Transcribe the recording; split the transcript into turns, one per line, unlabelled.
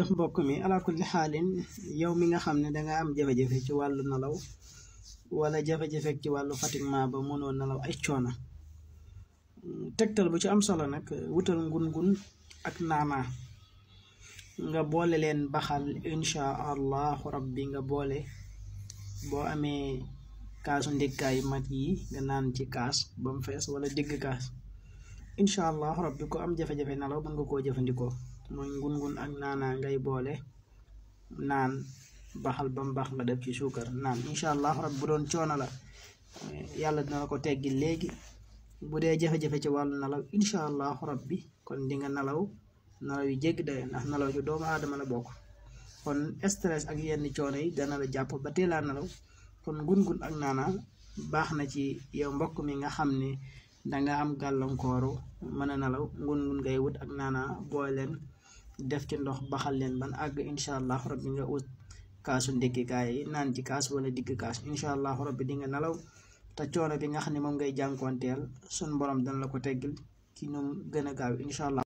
jëf mbokk mi ala kulli halin yow mi nga xamne da nga am jafé jafé ci walu nalaw wala jafé jafé ci walu fatima ba mënoo nalaw ay ciona tektal bu ci am solo nak wutal ngun-ngun ak nana nga bolé len baxal insha Allah rabbi nga bolé bo amé kaasu mati. mat yi nga nan ci kaas bam fess wala digg kaas insha allah rabbi ko am jafé jafé nalaw mën nga ko jëfëndiko mooy ngun-ngun ak naanaa ngay boole naan baxal ba mu baax nga def ci suukar naan incha allah rab bu doon coono la eh, yàlla dina la ko teggi léegi bu dee jafe ci wàllu nalaw incha allah rabbi kon di nga nalaw nalaw yu jéggi dayo ndax nalaw ci doomu aadama la book kon stress ak yenn coono yi dana la jàpp ba teelaa nalaw kon ngun-ngun ak naanaa baax na ci yow mbokk mi nga xam ne danga am gàllankooru mën a nalaw ngun-ngun ngay wut ak naanaa booy leen def ci ndox baxal leen ban àgg incha allah rabbi nga ut kaasu ndékkikaay yi naan ci kaas wala digg kaas incha allah rabbi di nga nelaw te coono bi nga xam ne moom ngay jànkuwanteel sun borom dana la ko teggil ci ñoom gën a gaaw allah.